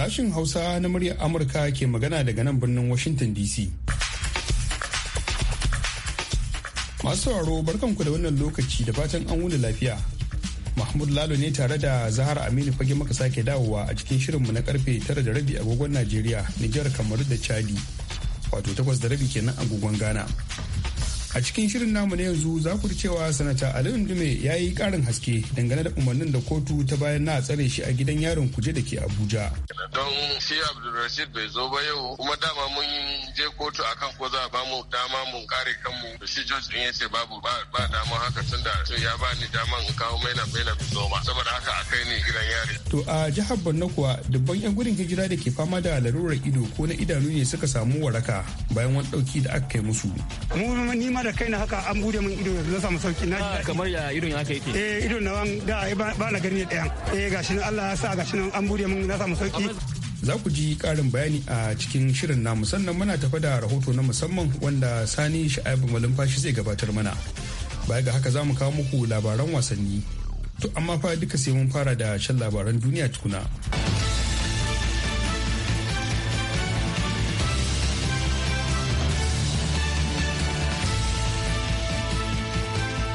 Sashin Hausa na muryar Amurka ke magana daga nan birnin Washington DC. Masu sauraro barkanku da wannan lokaci da fatan an wuni lafiya. Mahmud Lalo ne tare da Zahar Aminu fage maka sake dawowa a cikin shirinmu na karfe tara da rabi agogon Najeriya, Nijar, Kamaru da Chadi. Wato takwas da rabi kenan agogon Ghana. a cikin shirin namu na yanzu za ku cewa sanata aliyu dume ya yi karin haske dangane da umarnin da kotu ta bayan na tsare shi a gidan yaron kuje da ke abuja don shi abdulrashid bai zo ba yau kuma dama mun je kotu akan ko za a bamu dama mun kare kanmu shi george din ya ce babu ba dama to ya bani daman in kawo maina maina ba saboda haka a kai ne gidan yari. To a jihar Borno kuwa dubban 'yan gudun hijira da ke fama da larurar ido ko na idanu ne suka samu waraka bayan wani ɗauki da aka kai musu. Mu ni ma da kaina haka an bude min ido na samu sauki na. Ah, kamar ya idon haka yake. Eh idon na da ba na gani ɗayan. Eh gashi nan Allah ya sa gashi nan an bude min na samu sauki. za ku ji karin bayani a cikin shirin namu sannan muna tafa da rahoto na musamman wanda sani sha'ibu malumfashi zai gabatar mana baya ga haka za mu kawo muku labaran wasanni to amma fa duka sai mun fara da shan labaran duniya tukuna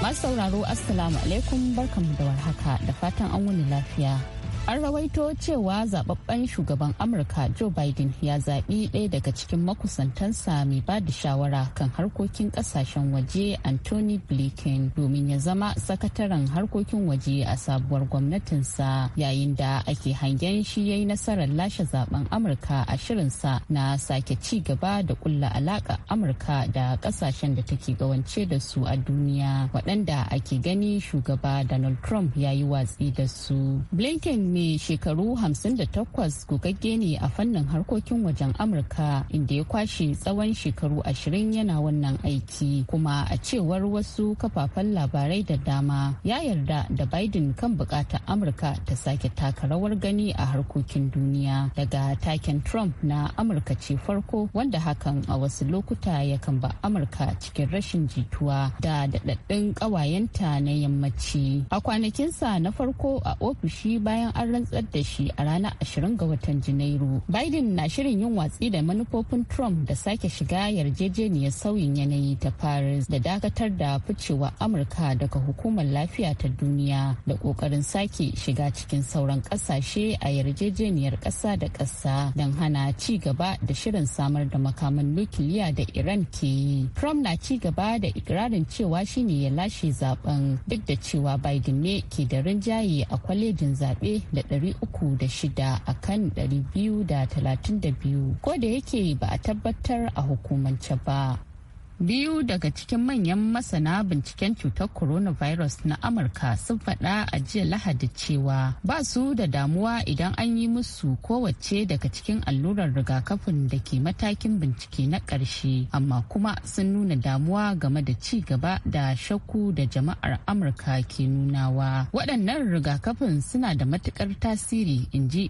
masu sauraro assalamu alaikum barkanmu da warhaka da fatan an wuni lafiya an rawaito cewa zababben shugaban amurka joe biden ya zaɓi ɗaya daga cikin makusantansa mai ba da shawara kan harkokin ƙasashen waje anthony blinken domin ya zama sakataren harkokin waje a sabuwar gwamnatinsa yayin da ake hangen shi ya yi nasarar lashe zaben amurka a shirinsa na sake ci gaba da kulla alaƙa amurka da ƙasashen da take gawance da su a duniya waɗanda ake gani shugaba donald trump ya yi watsi da su blinken mai shekaru 58 gugagge ne a fannin harkokin wajen amurka inda ya kwashe tsawon shekaru 20 yana wannan aiki kuma a cewar wasu kafafen labarai da dama ya yarda da biden kan bukatar amurka ta sake taka rawar gani a harkokin duniya daga taken trump na amurka ce farko wanda hakan a wasu lokuta yakan ba amurka cikin rashin jituwa da daɗaɗɗun ƙawayenta na yammaci a kwanakinsa na farko a ofishi bayan an rantsar da shi a ranar 20 ga watan Janairu. Biden na shirin yin watsi da manufofin Trump da sake shiga yarjejeniyar sauyin yanayi ta Paris da dakatar da ficewa Amurka daga hukumar lafiya ta duniya da kokarin sake shiga cikin sauran kasashe a yarjejeniyar kasa da kasa don hana ci gaba da shirin samar da makaman nukiliya da Iran ke yi. Trump na ci gaba da ikirarin cewa shine ya lashe zaben duk da cewa Biden ne ke da rinjaye a kwalejin zaɓe da 306 a kan 232 ko da yake ba a tabbatar a hukumance ba. biyu daga cikin manyan masana binciken cutar coronavirus na amurka sun faɗa a jiya lahadi cewa ba su da damuwa idan an yi musu kowace daga cikin allurar rigakafin da ke matakin bincike na ƙarshe amma kuma sun nuna damuwa game da ci gaba da shakku da jama'ar amurka ke nunawa waɗannan rigakafin suna da matukar tasiri in ji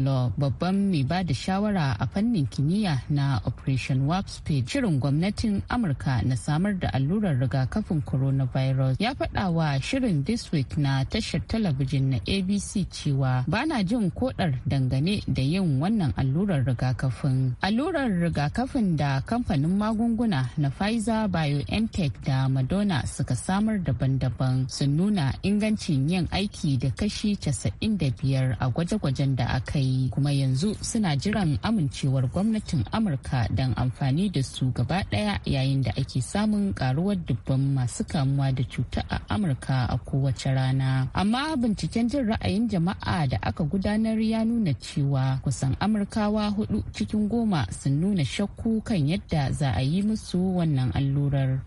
law babban mai ba da shawara a fannin kimiyya na operation warp speed shirin gwamnatin amurka na samar da allurar rigakafin coronavirus ya faɗa wa shirin this week na tashar talabijin na abc cewa bana jin koɗar dangane da yin wannan allurar rigakafin allurar rigakafin da kamfanin magunguna na pfizer biontech da madonna suka samar daban-daban sun nuna ingancin yin aiki da kashi 95 a gwaje-gwajen da aka yi kuma yanzu suna jiran amincewar gwamnatin amurka don amfani da su gaba ɗaya. yayin da ake samun karuwar dubban masu kamuwa da cuta a amurka a kowace rana amma binciken jin ra'ayin jama'a da aka gudanar ya nuna cewa kusan amurkawa hudu cikin goma sun nuna shakku kan yadda za a yi musu wannan allurar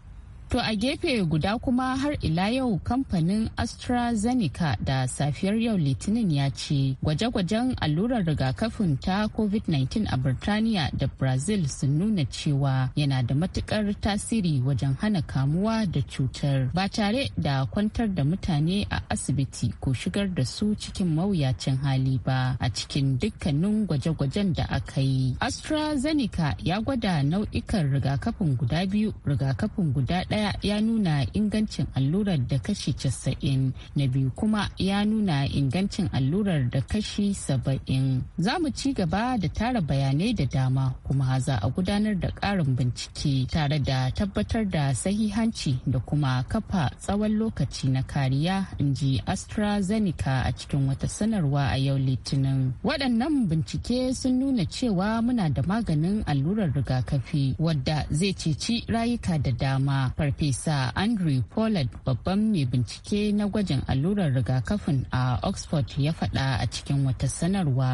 To a gefe guda kuma har ila yau kamfanin AstraZeneca da safiyar yau Litinin ya ce gwaje-gwajen allurar rigakafin ta COVID-19 a Birtaniya da Brazil sun nuna cewa yana da matukar tasiri wajen hana kamuwa da cutar ba tare da kwantar da mutane a asibiti ko shigar da su cikin mawuyacin hali ba a cikin dukkanin gwaje-gwajen da aka yi. AstraZeneca ya gwada nau'ikan rigakafin guda biyu rigakafin guda ɗaya daya ya nuna ingancin allurar da kashi casa'in na biyu kuma ya nuna ingancin allurar da kashi saba'in za mu ci gaba da tara bayanai da dama kuma za a gudanar da ƙarin bincike tare da tabbatar da sahihanci da kuma kafa tsawon lokaci na kariya in ji astrazeneca a cikin wata sanarwa a yau litinin waɗannan bincike sun nuna cewa muna da maganin allurar rigakafi wadda zai ceci rayuka da dama farfesa andrew pollard babban mai bincike na gwajin allurar rigakafin a oxford ya faɗa a cikin wata sanarwa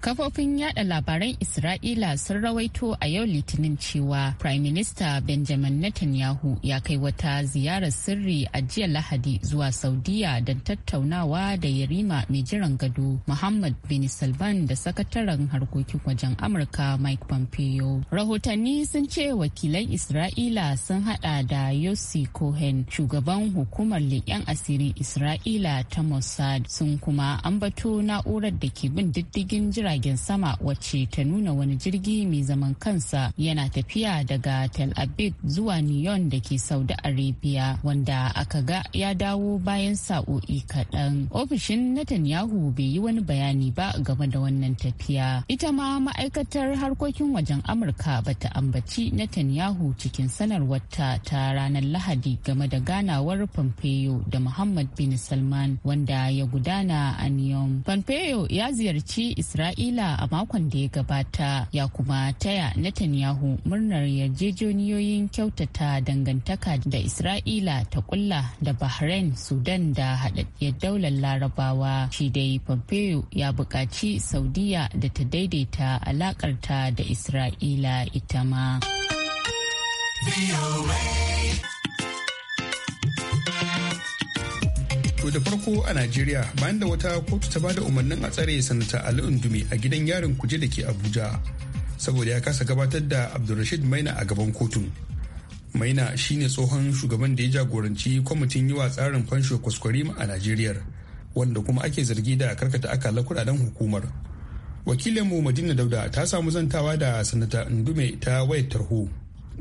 Kafofin yada labaran Isra'ila sun rawaito a yau Litinin cewa Prime Minister Benjamin Netanyahu ya kai wata ziyarar sirri a jiya Lahadi zuwa Saudiya don tattaunawa da Yarima mai jiran gado Muhammad bin Salman da sakataren harkokin wajen Amurka Mike Pompeo. Rahotanni sun ce wakilan Isra'ila sun hada da Yossi Cohen, shugaban hukumar leƙen asirin Isra'ila ta Mossad sun kuma ambato na'urar da ke bin diddigin jira jiragen sama wacce ta nuna wani jirgi mai zaman kansa yana tafiya daga tel aviv zuwa neon da ke saudi arabia wanda aka ga ya dawo bayan sa'o'i kaɗan ofishin netanyahu bai yi wani bayani ba game da wannan tafiya ita ma ma'aikatar harkokin wajen amurka bata ambaci netanyahu cikin sanarwarta ta ranar lahadi game da ganawar pompeo da muhammad bin salman wanda ya gudana a neon pompeo ya ziyarci isra'ila Isra'ila a makon da ya gabata ya kuma taya Netanyahu murnar yarjejeniyoyin kyautata dangantaka da Isra'ila ta kulla da Bahrain, Sudan da haɗaɗɗiyar daular Larabawa. Shi dai Pompeo ya buƙaci Saudiya da ta daidaita alaƙarta da Isra'ila ita ma. To da farko a Najeriya bayan da wata kotu ta bada umarnin a tsare sanata Ali Undumi a gidan yarin kuje da ke Abuja saboda ya kasa gabatar da Abdulrashid Maina a gaban kotun. Maina shine tsohon shugaban da ya jagoranci kwamitin yi wa tsarin fansho kwaskwarima a Najeriya wanda kuma ake zargi da karkata akalla kudaden hukumar. mu Madina Dauda ta samu zantawa da sanata Ndume ta wayar tarho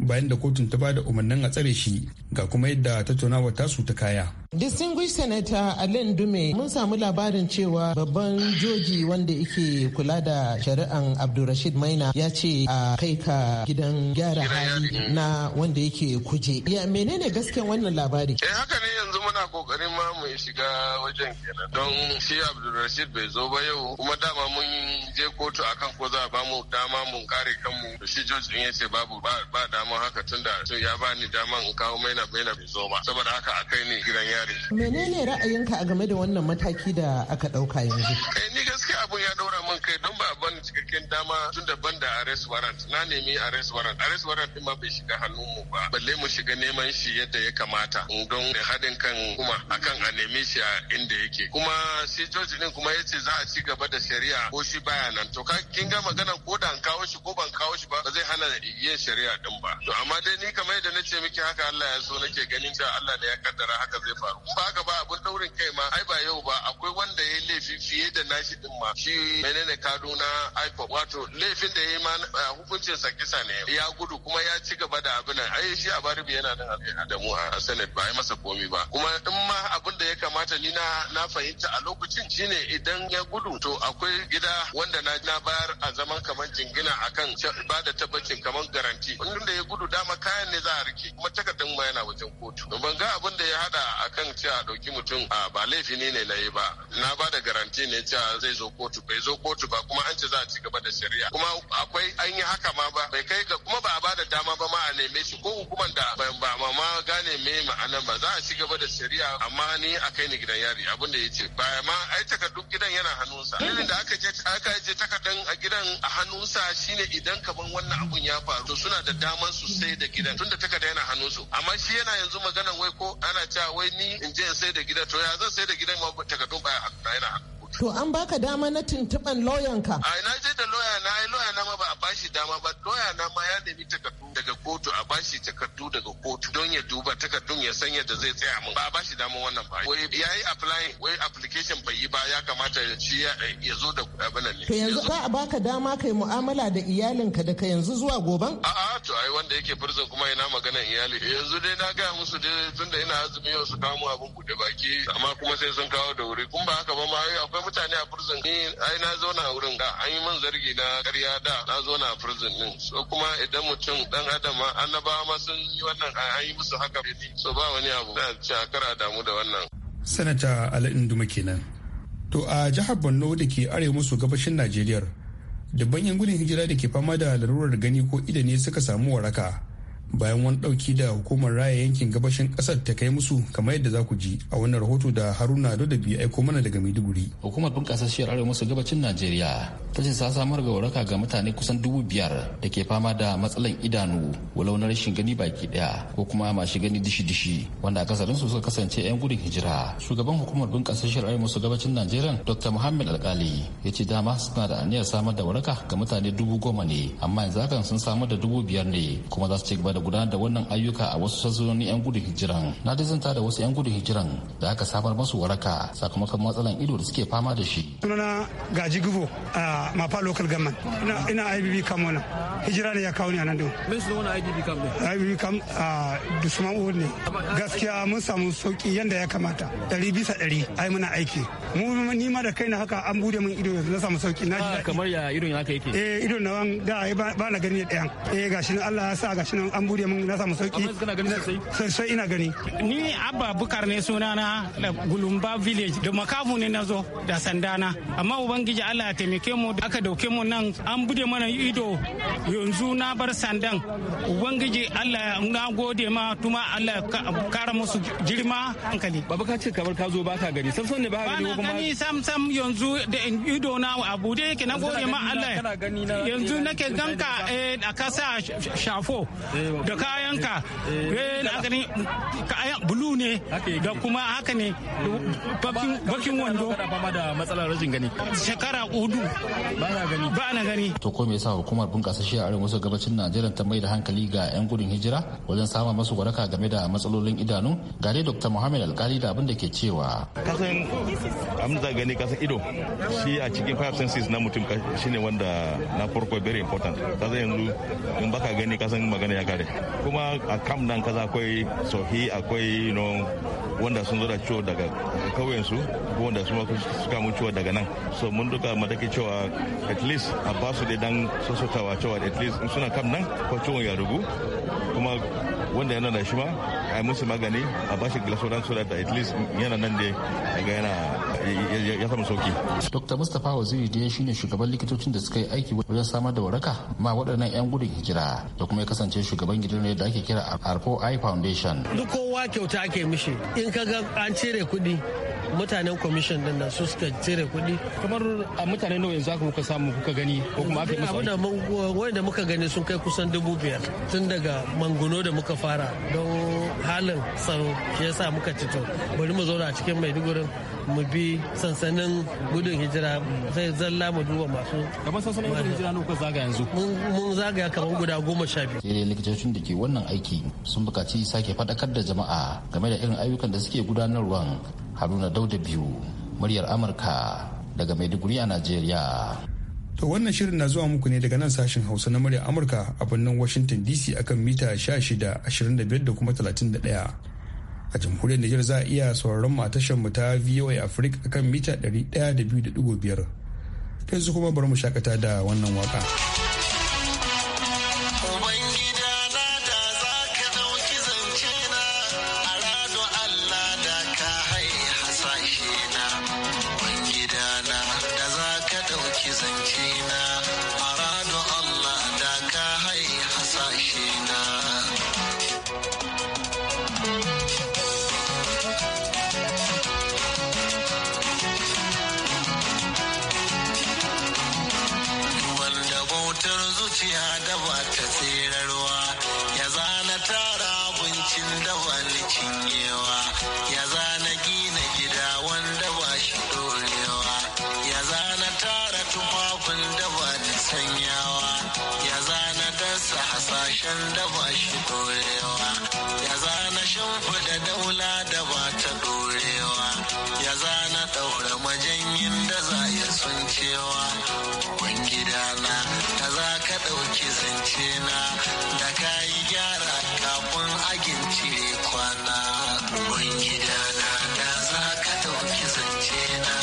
bayan da kotun ta bada umarnin a tsare shi ga kuma yadda tattaunawar tasu ta kaya. Distinguished Senator Alain Dume mun samu labarin cewa babban joji wanda yake kula da shari'an Abdulrashid Maina ya ce a kai ka gidan gyara hali na wanda yake kuje. Ya menene gasken wannan labari? Eh haka ne yanzu muna kokarin ma mu shiga wajen kenan don shi Abdulrashid bai zo ba yau kuma dama mun je kotu akan ko za a bamu dama mun kare kanmu shi joji ya ce babu ba dama haka tunda ya bani dama in kawo maina maina bai zo ba saboda haka akai ne gidan yara yare. Menene ra'ayinka a game da wannan mataki da aka ɗauka yanzu? Eh ni gaskiya abun ya ɗora min kai don ba ban cikakken dama tun daban da arrest warrant na nemi arrest warrant arrest warrant din ma bai shiga hannun mu ba balle mu shiga neman shi yadda ya kamata don da haɗin kan kuma akan a neme shi a inda yake kuma sai George din kuma yace za a ci gaba da shari'a ko shi baya nan to kin ga magana ko da an kawo shi ko ban kawo shi ba ba zai hana yin shari'a din ba to amma dai ni kamar yadda nace miki haka Allah ya so nake ganin da Allah da ya kaddara haka zai faru ba haka ba abun daurin kai ma ai ba yau ba akwai wanda ya laifi fiye da nashi din ma shi menene kaduna ipop wato laifin da ya yi ma hukuncin sa kisa ne ya gudu kuma ya ci gaba da abin ai shi a baribi yana nan da mu a senate ba ai masa komi ba kuma in ma abin da ya kamata ni na na fahimta a lokacin shine idan ya gudu to akwai gida wanda na na bayar a zaman kamar jingina akan ba da tabbacin kamar garanti da ya gudu dama kayan ne za a rike kuma takardun ma yana wajen kotu ban ga abin da ya hada akan cewa dauki mutum abin a ba laifi ne ne na yi ba na ba da garanti ne cewa zai zo kotu bai zo kotu ba kuma an ce za a ci gaba da shari'a kuma akwai an yi haka ma ba bai kai ga kuma ba a ba da dama ba ma a neme shi ko hukumar da ba ma ma gane me ma'anar ba za a ci gaba da shari'a amma ni a kai ni gidan yari abin da ya ce ba ma ai takardun gidan yana hannunsa irin da aka je aka je takardun a gidan a hannunsa shine idan kaman wannan abun ya faru to suna da daman su sai da gidan tunda takarda yana hannunsu amma shi yana yanzu magana wai ko ana cewa wai ni in je in sai da gidan to ya zan sai da gidan ma takardun baya yana hannu To an baka dama na tuntuɓan ka. A na je da lauya na yi lauya na ma ba a bashi dama ba lauya na ma ya nemi takardu daga kotu a bashi takardu daga kotu don ya duba takardun ya san yadda zai tsaya mun ba a bashi dama wannan ba. Wai ya yi applying wai application bai yi ba ya kamata ya ci ya zo da abin ne. To yanzu za a baka dama kai mu'amala da iyalinka daga yanzu zuwa goban? A'a to ai wanda yake prison kuma ina magana iyali. Eh, yanzu dai na gaya musu dai tunda ina azumi yau su mu abin buɗe baki amma kuma sai sun kawo da wuri kun ba haka ba ma akwai mutane a prison ni ai na zauna a wurin da an yi man zargi na karya da na zauna a prison din so kuma idan mutum dan adam ma annabawa ma sun yi wannan an yi musu haka so ba wani abu na ci a kara damu da wannan sanata ala induma kenan to a jihar borno da ke arewa maso gabashin najeriya dubban yan gudun hijira da ke fama da larurar gani ko ida suka samu waraka bayan wani dauki da hukumar raya yankin gabashin kasar ta kai musu kamar yadda za ku ji a wannan rahoto da haruna da bi aiko mana daga maiduguri hukumar bunƙasa shiyar arewa maso gabacin najeriya ta ce ta samar ga waraka ga mutane kusan dubu biyar da ke fama da matsalan idanu walau rashin gani baki ɗaya ko kuma mashi gani dishi-dishi wanda akasarin su suka kasance 'yan gudun hijira shugaban hukumar bunƙasa shiyar arewa maso gabacin najeriya dr muhammad alkali ya ce dama suna da aniyar samar da waraka ga mutane dubu goma ne amma yanzu hakan sun samar da dubu biyar ne kuma za su ci gaba da gudanar da wannan ayyuka a wasu sansanonin 'yan gudun hijiran na dizanta da wasu 'yan gudun hijiran da aka samar masu waraka sakamakon matsalan ido da suke fama da shi sunana gaji gubo a mafa local government ina ibb kam wannan hijira ne ya kawo ni a nan da wani ibb kam ne ibb kam a dusman ne gaskiya mun samu sauki yadda ya kamata ɗari bisa ɗari ai muna aiki mu ni ma da kaina haka an bude min ido na samu sauki na ji ah, kamar ya idon haka yake eh ido na da ba na gani ɗayan eh gashi nan Allah ya sa gashi nan an bude min na samu sauki kana gani sosai sai ina gani ni abba bukar ne sunana da gulumba village da makamu ne nazo da sandana amma ubangiji Allah ya taimake mu da aka dauke mu nan an bude mana ido yanzu na bar sandan ubangiji Allah na gode ma tuma Allah ya kara musu girma hankali baba ka ce kamar ka zo baka gani san ne ba gani gani sam sam yanzu da ido na a bude yake na gode ma Allah yanzu eh, nake eh, ganka eh, a kasa shafo da kayanka na gani kayan bulu ne da kuma haka ne bakin wando da matsalar rajin gani shekara udu ba na gani to ko me yasa hukumar bunƙasa shi a arewa maso gabacin Najeriya ta mai da hankali ga 'yan gudun hijira wajen samun masu waraka game da matsalolin idanu ga dai Dr. Muhammad Alkali da abin da ke cewa kasan amza gani kasa ido shi a cikin five senses na mutum shine wanda na farko very important kaza yanzu in baka gani kasan magana ya kare kuma a kam nan kaza akwai sohi akwai no wanda sun zo da ciwo daga kauyen su ko wanda su suka mu ciwo daga nan so mun duka mataki cewa at least a basu da dan sosotawa cewa at least suna kam nan ko ciwon ya rugu kuma wanda yana da shi ma a musu magani a bashi glasodan so that at least yana nan da ga yana ya samu sauki. Dr. Mustapha Waziri da shi ne shugaban likitocin da suka yi aiki wajen samar da waraka ma waɗannan 'yan gudun hijira da kuma ya kasance shugaban gidan da ake kira Arpo Eye Foundation. Duk kowa kyauta ake mishi in ka ga an cire kuɗi mutanen commission din nan su suka cire kuɗi. Kamar a mutane nawa yanzu aka kuka samu kuka gani ko kuma aka yi musu. Wanda muka gani sun kai kusan dubu biyar tun daga manguno da muka fara don halin tsaro ya yasa muka ci to bari mu zauna a cikin maiduguri mu bi sansanin gudun hijira sai zalla mu duba masu kamar sansanin gudun hijira ne kuka zaga yanzu mun zagaya kamar guda goma sha biyu sai dai likitocin da ke wannan aiki sun buƙaci sake faɗakar da jama'a game da irin ayyukan da suke gudanarwa haruna dauda biyu muryar amurka daga maiduguri a najeriya To wannan shirin na zuwa muku ne daga nan sashen Hausa na murya Amurka a birnin Washington DC akan mita 16, da kuma 31. A jamhuriyar Nijar za a iya sauraron mu a tashar mu ta VOA Africa akan mita 102.5. Yanzu kuma bar mu shakata da wannan waka. zance na da ka yi gyara kafin agin cire kwana ubangida na da za ka ɗauki zance na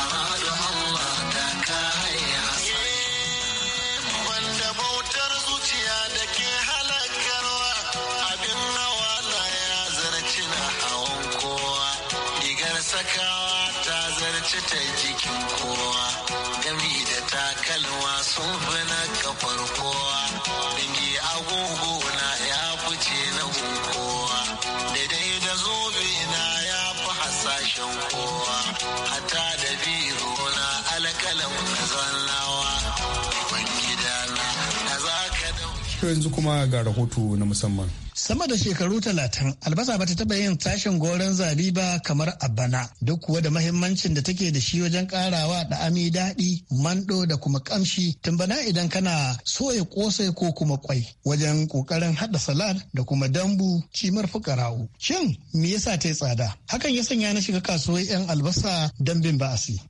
amadu allah da ka haye hasan bautar zuciya da ke halakarwa abin hawa na ya zarci na hawan kowa rigar sakawa ta zarci ta jiki yanzu kuma ga rahoto na musamman sama da shekaru talatin albasa bata taba yin tashin goron zabi ba kamar a bana duk kuwa da mahimmancin da take da shi wajen karawa da ami daɗi mando da kuma kamshi tun bana idan kana soya kosai ko kuma kwai wajen kokarin hada salad da kuma dambu cimar fukara'u shin me yasa ta yi tsada hakan ya sanya na shiga kasuwar yan albasa don bin ba'asi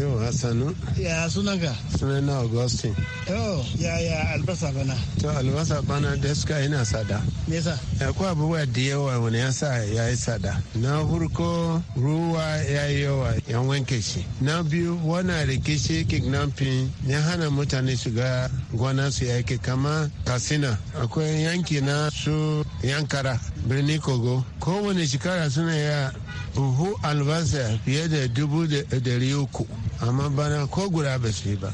yau sanu ya sunan ka sunan na augustin yau ya ya albasa bana to albasa bana da suka yana tsada me yasa Allah akwai abubuwa da yawa wani ya sa ya yi tsada na hurko ruwa ya yi yawa ya wanke shi na biyu wani rikici kidnapping ya hana mutane shiga gona su yake kama kasina akwai yanki na su yankara birni kogo kowane shekara suna ya buhu albasa fiye da dubu da uku amma bana ko guda ba su yi ba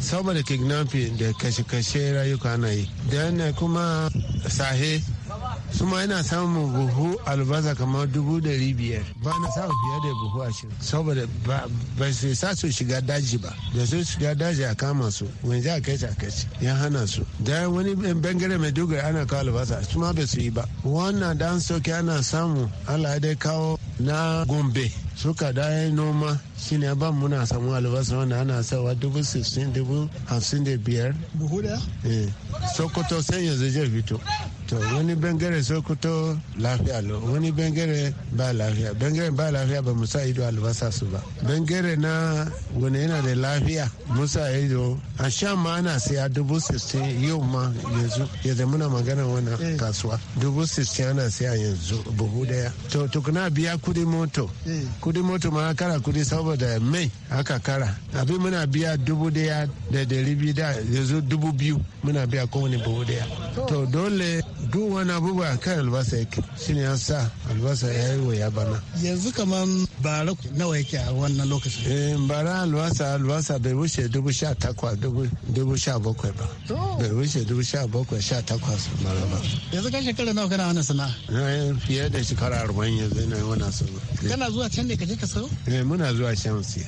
saboda kidnapping da kashe-kashe rayuka na yi da kuma sahe su ma ina samun buhu albasa kamar dubu ɗari biyar ba na samun fiye da buhu a shirin saboda ba su sa su shiga daji ba da su shiga daji a kama su wani a kai a kai ya hana su da wani bangare mai dogara ana kawo albasa su ma ba su yi ba wannan dan soke ana samu allah dai kawo na gombe suka da ya noma shi ne ban muna samu albasa wanda ana sawa dubu sisin dubu hamsin da biyar buhu da eh, sokoto sai yanzu zai fito to wani bangare sokoto lafiya lo wani bangare ba lafiya bangaren ba lafiya ba musa ido albasa su ba bangare na wani yana da lafiya musa ido a sha ma ana siya dubu sittin yau ma yanzu ya zama na magana wannan eh. kasuwa dubu sittin ana siya yanzu buhu daya to tukuna biya kudi moto eh. kudi moto ma kara kudi saboda mai aka kara abi muna biya dubu daya da dari biyu da yanzu dubu biyu muna biya kowane buhu daya to dole duk wani abubuwa kan albasa yake shi ne sa albasa ya yi waya bana yanzu kamar bara nawa yake a wannan lokacin eh bara albasa albasa bai wuce dubu sha takwas dubu sha bakwai ba bai wuce dubu sha bakwai sha takwas mara ba yanzu kan shekara nawa kana wannan sana'a eh fiye da shekara arba'in yanzu ina wannan sana'a kana zuwa can ne ka je ka sayo eh muna zuwa can siya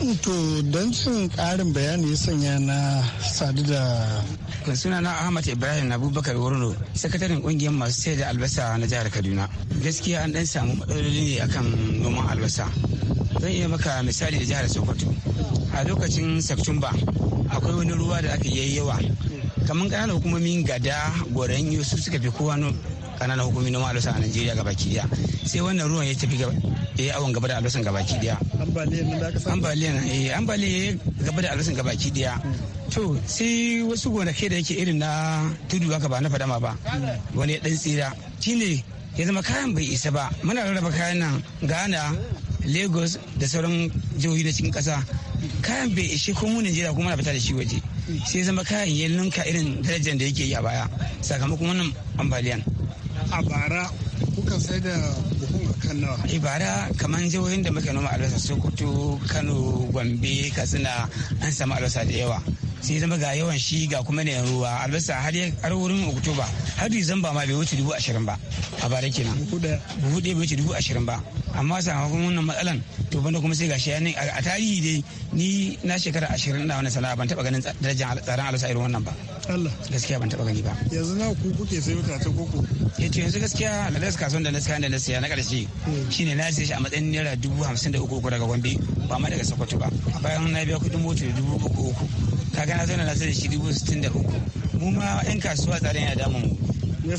hmm. to don cin karin bayani ya sanya na sadu da suna na Ahmad Ibrahim Abubakar Borno, sakataren kungiyar masu sayar da albasa na jihar Kaduna. Gaskiya an dan samu matsaloli ne akan noman albasa. Zan iya maka misali da jihar Sokoto. A lokacin Satumba akwai wani ruwa da aka yi yawa. Kamar ƙananan hukumomin gada goren su suka fi kowa kananan hukumomi noman albasa a Najeriya gabaki daya sai wannan ruwan ya tafi ya awon gaba da albasan gabaki daya ambaliyan eh ambaliyan gaba da albasan gabaki daya to sai wasu gonakai da yake irin na tudu haka ba na fadama ba wani ya dan tsira shine ya zama kayan bai isa ba muna rarraba kayan nan Ghana Lagos da sauran jihohi na cikin kasa kayan bai ishe ko mu Najeriya kuma na fita da shi waje sai zama kayan ya ninka irin darajar da yake yi a baya sakamakon wannan ambaliyan a bara kuka sai da buhun a kan Ibara kamar jihohin da muke noma albasa Sokoto, Kano, Gombe, Katsina an samu albasa da yawa. sai zama ga yawan shi ga kuma ne ruwa albasa har har wurin oktoba har zamba ma bai wuce dubu ashirin ba a bara kenan buhu ɗaya bai wuce dubu ashirin ba amma sakamakon wannan matsalan to banda kuma sai shi yanin a tarihi dai ni na shekara ashirin na wani sana'a ban taɓa ganin darajar tsaron albasa irin wannan ba Allah gaskiya ban taɓa gani ba yanzu na ku kuke sayo ta ta koko ya eh, ce yanzu gaskiya aladas kasuwan da na siya da na siya na ƙarshe hmm. shine na siya shi a matsayin naira dubu hamsin da uku uku daga gombe ba ma daga sokoto ba a bayan na biya kuɗin mota da dubu uku uku kaga na zana na sai da shi dubu sittin da uku mu ma yan kasuwa tsarin ya damu mu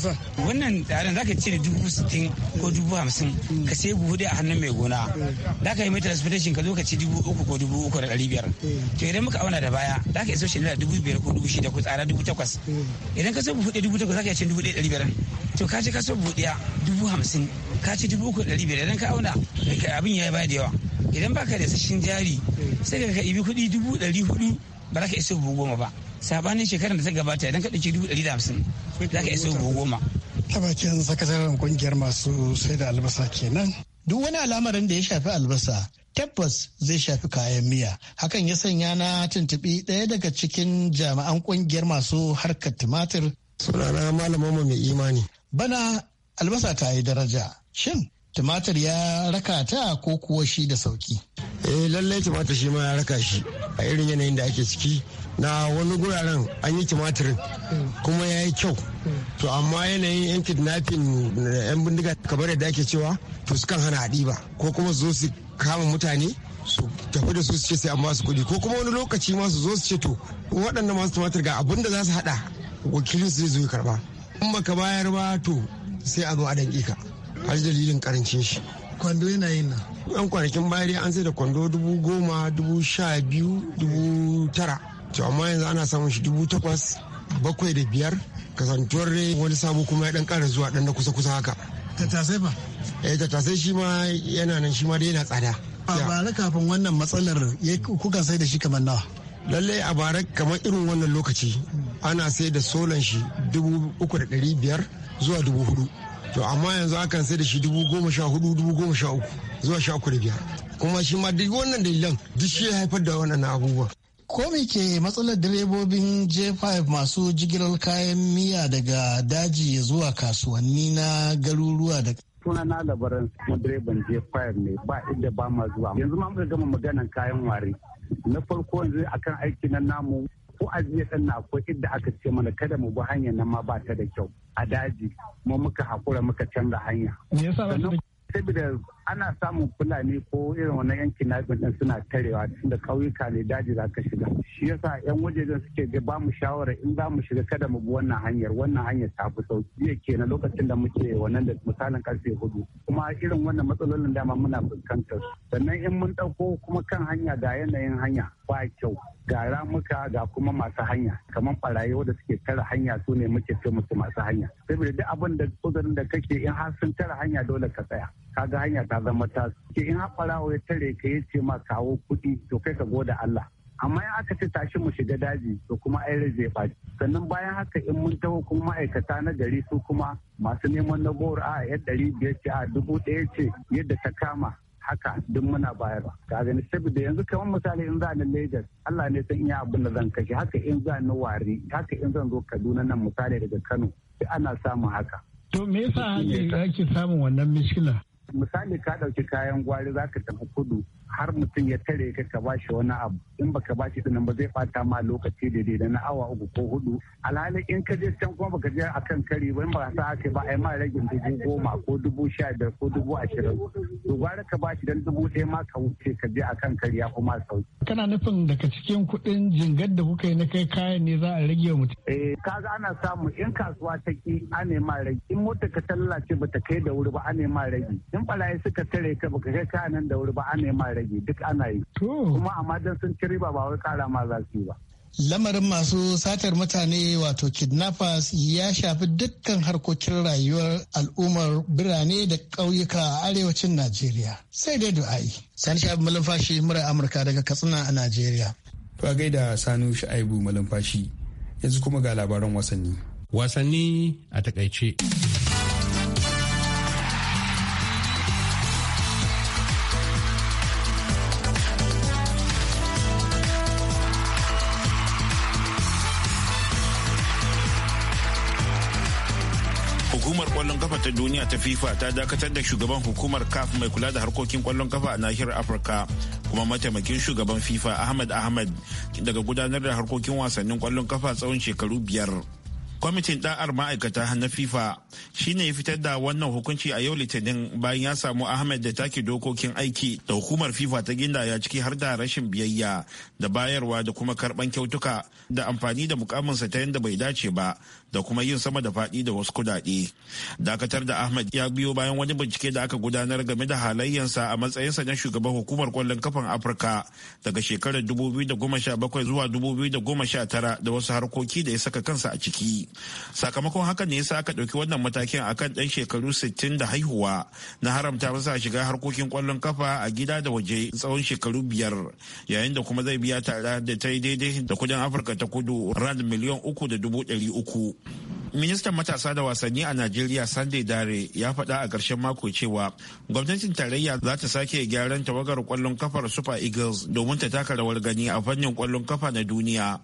wannan tsarin zaka ce da dubu sittin ko dubu hamsin ka sai buhu da a hannun mai gona eh. zaka yi mai transportation ka zo ka ci dubu uku ko dubu uku da ɗari biyar eh. to idan muka auna da baya zaka iso shi da dubu biyar ko dubu shida ko tsara dubu takwas eh. idan ka so buhu da dubu takwas zaka cin dubu ɗaya ɗari biyar to ka ce ka so buhu ɗaya dubu hamsin ka ci dubu uku da ɗari biyar idan ka auna abin ya yi ba da yawa idan baka da sashin jari sai ka ibi kuɗi dubu ɗari hudu ba za ka iso buhu goma ba sabanin shekarar da ta gabata idan ka ɗauki dubu ɗari da hamsin za ka iso buhu goma. ta bakin sakataren kungiyar masu sai da albasa kenan. duk wani al'amarin da ya shafi albasa tabbas zai shafi kayan miya hakan ya sanya na tuntuɓi ɗaya daga cikin jami'an kungiyar masu harkar tumatir. sunana malama mai imani. bana albasa ta yi daraja shin tumatir ya raka ta ko kuwa shi da sauki eh lallai tumatir shi ma ya raka shi a irin yanayin da ake ciki na wani guraren an yi tumatirin kuma ya yi kyau to amma yanayin yan kidnapping yan bindiga kamar da ake cewa to su kan hana haɗi ba ko kuma zo su kama mutane su tafi da su su ce sai an basu kuɗi ko kuma wani lokaci ma su zo su ce to waɗannan masu tumatir ga abin da za su haɗa wakilin su zai zo karba in baka bayar ba to sai a zo a danƙi ka har dalilin karancin shi kwando yana yin nan yan kwanakin baya dai an sai da kwando dubu goma dubu sha biyu dubu tara to amma yanzu ana samun shi dubu takwas bakwai da biyar kasantuwar wani sabo kuma ya dan kara zuwa dan na kusa kusa haka tattasai ba eh tattasai shi ma yana nan shi ma dai yana tsada a bara kafin wannan matsalar kuka sai da shi kamar nawa lallai a bara kamar irin wannan lokaci ana sai da solan shi dubu uku da ɗari biyar zuwa dubu hudu to amma yanzu akan sai da shi dubu goma sha hudu dubu goma sha uku zuwa sha uku da biyar kuma shi ma duk wannan dalilan duk shi ya haifar da wannan abubuwa ko me ke matsalar direbobin j5 masu jigilar kayan miya daga daji zuwa kasuwanni na garuruwa da suna na labaran direban j5 ne ba inda ba ma zuwa yanzu ma muka gama maganan kayan wari na farko yanzu akan aiki na namu ko a jiya ɗan akwai inda aka ce mana kada mu bi hanyar nan ma ba ta da kyau a daji mu muka haƙura muka canza hanya. ana samun fulani ko irin wannan yankin na din suna tarewa tunda ƙauyuka ne daji za ka shiga shi yasa yan wajejen suke ga ba mu shawara in za mu shiga kada mu bi wannan hanyar wannan hanyar ta fi sauki ke na lokacin da muke wannan da misalin karfe hudu kuma irin wannan matsalolin dama muna fuskantar sannan in mun ɗauko kuma kan hanya ga yanayin hanya ba kyau ga ramuka ga kuma masu hanya kamar barayi wanda suke tara hanya su ne muke fi musu masu hanya saboda duk abin da da kake in har sun tara hanya dole ka tsaya kaga hanya ta zama ta ke in haɓarawa ya tare ka yi ce ma kawo kuɗi to kai ka goda Allah amma in aka ce tashi mu shiga daji to kuma ai zai ɓaci sannan bayan haka in mun taho kuma ma'aikata na gari su kuma masu neman na gowar a ya ɗari biyar ce a dubu ɗaya ce yadda ta kama haka duk muna ba ka gani saboda yanzu kamar misali in za ni Lagos Allah ne san iya abin da zan kashe haka in za ni Wari haka in zan zo Kaduna nan misali daga Kano sai ana samun haka To me yasa ake samun wannan mishkila? misali ka ɗauki kayan gwari za ka tafi kudu har mutum ya tare ka ka bashi wani abu in baka bashi shi ba zai bata ma lokaci daidai da na awa uku ko hudu alhali in ka je can kuma baka je akan kari ba in ba sa aka ba ai ma ragin dubu goma ko dubu sha biyar ko dubu ashirin to gwara ka bashi dan dubu ɗaya ma ka wuce ka je akan kari ya kuma sauki. kana nufin daga cikin kuɗin jingar da kuka yi na kai kayan ne za a rage wa mutum. eh kaga ana samu in kasuwa ta ki a nema rage in mota ka tallace ta kai da wuri ba a nema rage in ɓarayi suka tare ka baka kai kayan nan da wuri ba a nema rage duk ana yi kuma amma dan sun ci riba ba wai kara ma za yi ba lamarin masu satar mutane wato kidnappers ya shafi dukkan harkokin rayuwar al'ummar birane da ƙauyuka a arewacin najeriya sai dai du'ai sani shafi malumfashi mura amurka daga katsina a najeriya to a gaida sanu sha'ibu malumfashi yanzu kuma ga labaran wasanni wasanni a takaice hukumar kwallon kafa ta duniya ta fifa ta dakatar da shugaban hukumar caf mai kula da harkokin kwallon kafa a nahiyar afirka kuma mataimakin shugaban fifa ahmad ahmad daga gudanar da harkokin wasannin kwallon kafa tsawon shekaru biyar kwamitin da'ar ma'aikata na fifa shine ya fitar da wannan hukunci a yau litinin bayan ya samu ahmed da take dokokin aiki da hukumar fifa ta gindaya ciki har da rashin biyayya da bayarwa da kuma karban kyautuka da amfani da mukaminsa ta yadda bai dace ba da kuma yin sama da faɗi da wasu kudade. Dakatar da Ahmad ya biyo bayan wani bincike da aka gudanar game da halayyarsa a matsayinsa na shugaban hukumar kwallon kafan Afirka daga shekarar 2017 zuwa 2019 da wasu harkoki da ya saka kansa a ciki. Sakamakon haka ne yasa aka ɗauki wannan matakin akan ɗan shekaru 60 da haihuwa na haramta masa shiga harkokin kwallon kafa a gida da waje tsawon shekaru biyar yayin da kuma zai biya tare da ta daidai da kudin Afirka ta kudu rand miliyan uku da dubu ɗari uku. Ministan matasa da wasanni a Najeriya Sunday Dare ya faɗa a ƙarshen mako cewa gwamnatin tarayya za ta sake gyaran tawagar ƙwallon kafar Super Eagles domin ta taka rawar gani a fannin ƙwallon kafa na duniya.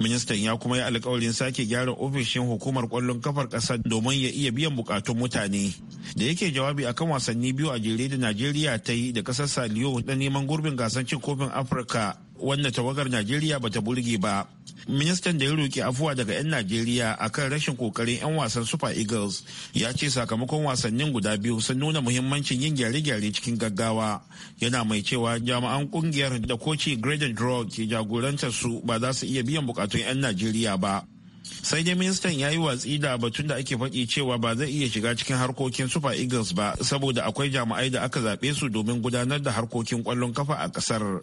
Ministan ya kuma yi alkawarin sake gyaran ofishin hukumar ƙwallon kafar ƙasar domin ya iya biyan bukatun mutane. Da yake jawabi akan wasanni biyu a jere da Najeriya ta yi da ƙasar Saliyo da neman gurbin gasar cin kofin Afirka wanda tawagar Najeriya bata burge ba. ministan da ya roki afuwa daga 'yan najeriya a kan rashin kokarin 'yan wasan super eagles ya ce sakamakon wasannin guda biyu sun nuna muhimmancin yin gyare-gyare cikin gaggawa yana mai cewa jami'an kungiyar da koci graden draw ke jagorantar su ba za su iya biyan bukatun 'yan najeriya ba sai dai ministan ya yi watsi da batun da ake faɗi cewa ba zai iya shiga cikin harkokin super eagles ba saboda akwai jami'ai da aka zaɓe su domin gudanar da harkokin kwallon kafa a ƙasar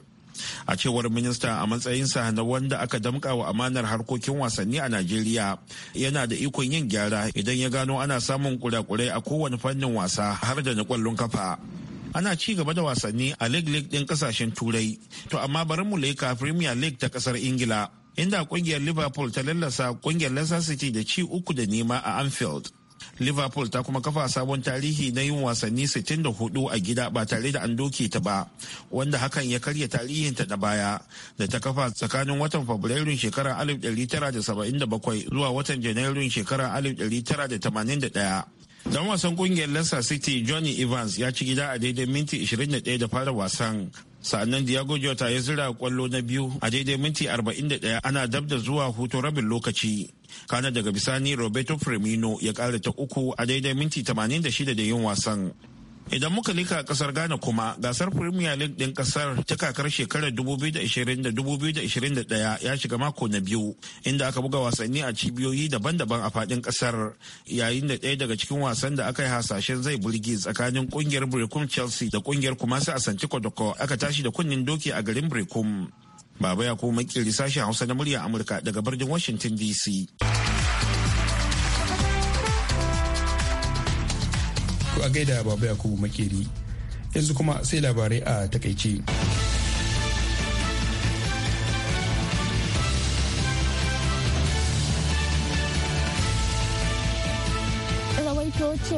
a cewar minista a matsayinsa na wanda aka damka wa amanar harkokin wasanni a najeriya yana da ikon yin gyara idan ya gano ana samun kurakurai a kowane fannin wasa har da na kwallon kafa ana ci gaba da wasanni a league league din kasashen turai to amma bari mu leka premier league ta kasar ingila inda kungiyar liverpool ta lallasa kungiyar leicester city da ci uku da nema a anfield liverpool ta kuma kafa sabon tarihi na yin wasanni 64 a gida ba tare da an doke ta ba wanda hakan ya karya tarihinta na baya da ta kafa tsakanin watan fabrairun shekarar 1977 zuwa watan janairun shekarar 1981 dan wasan kungiyar leicester city johnny evans ya ci gida a daidai minti 21 da fara wasan sa'annan diego jota ya zira kwallo na biyu a daidai minti 41 ana dab da zuwa hutu rabin lokaci kana daga bisani roberto firmino ya kara ta uku a daidai minti 86 da yin wasan idan muka lika kasar ghana kuma gasar premier league din kasar ta kakar shekarar 2020-2021 ya shiga mako na biyu inda aka buga wasanni a cibiyoyi daban-daban a fadin kasar yayin da ɗaya daga cikin wasan da aka yi hasashen zai burge tsakanin kungiyar brekum chelsea da kungiyar kumasi a kodoko aka tashi da kunnen doki a garin brekum Baba ya kuma makiri sashen Hausa na murya Amurka daga birnin Washington DC. Ku a gaida Baba Yakubu maƙeri Yanzu kuma sai labarai a takaice.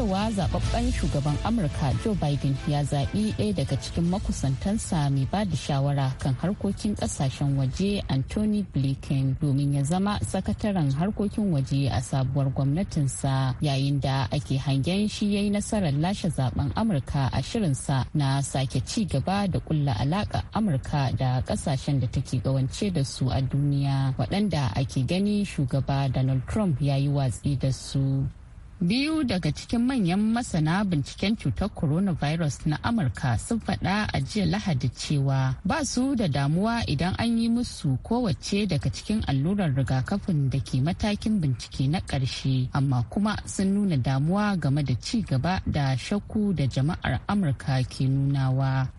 cewa zababben shugaban amurka joe biden ya zaɓi ɗaya daga cikin makusantansa mai ba da shawara kan harkokin ƙasashen waje anthony blinken domin ya zama sakataren harkokin waje a sabuwar gwamnatinsa yayin da ake hangen shi ya yi nasarar lashe zaben amurka a shirinsa na sake ci gaba da kulla alaƙa amurka da ƙasashen da take gawance da su a duniya waɗanda ake gani shugaba donald trump ya yi watsi da su biyu daga cikin manyan masana binciken cutar coronavirus na amurka sun faɗa a jiya lahadi cewa ba su da damuwa idan an yi musu kowace daga cikin allurar rigakafin da ke matakin bincike na ƙarshe amma kuma sun nuna damuwa game da ci gaba da shakku da jama'ar amurka ke nunawa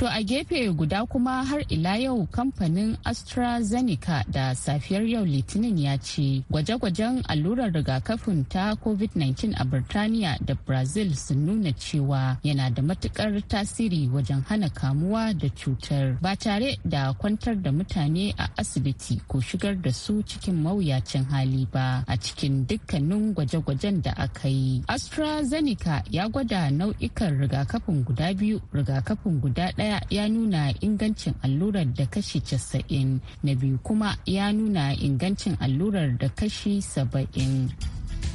To a gefe guda kuma har ila yau kamfanin AstraZeneca da safiyar yau Litinin ya ce gwaje-gwajen allurar rigakafin ta COVID-19 a Birtaniya da Brazil sun nuna cewa yana da matukar tasiri wajen hana kamuwa da cutar ba tare da kwantar da mutane a asibiti ko shigar da su cikin mawuyacin hali ba a cikin dukkanin gwaje-gwajen da aka yi. AstraZeneca ya gwada nau'ikan rigakafin guda biyu rigakafin guda ɗaya daya ya nuna ingancin allurar da kashi casa'in na biyu kuma ya nuna ingancin allurar da kashi saba'in.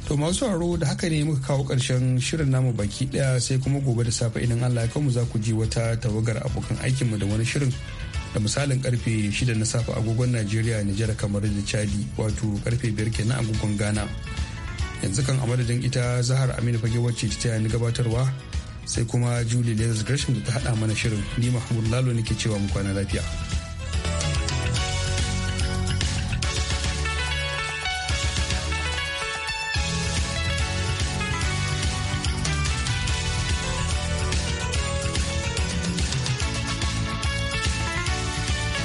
To masu haro da haka ne muka kawo karshen shirin namu baki ɗaya sai kuma gobe da safe idan Allah ya kanmu za ku ji wata tawagar abokan aikinmu da wani shirin da misalin karfe 6 na safe agogon Najeriya, Nijar, kamar da Chadi wato karfe 5 kenan agogon Ghana. Yanzu kan a madadin ita Zahar Aminu Fage wacce ta yi gabatarwa sai kuma julie lewis gresham da ta haɗa mana shirin ni mahmud lalo nake cewa mu kwana lafiya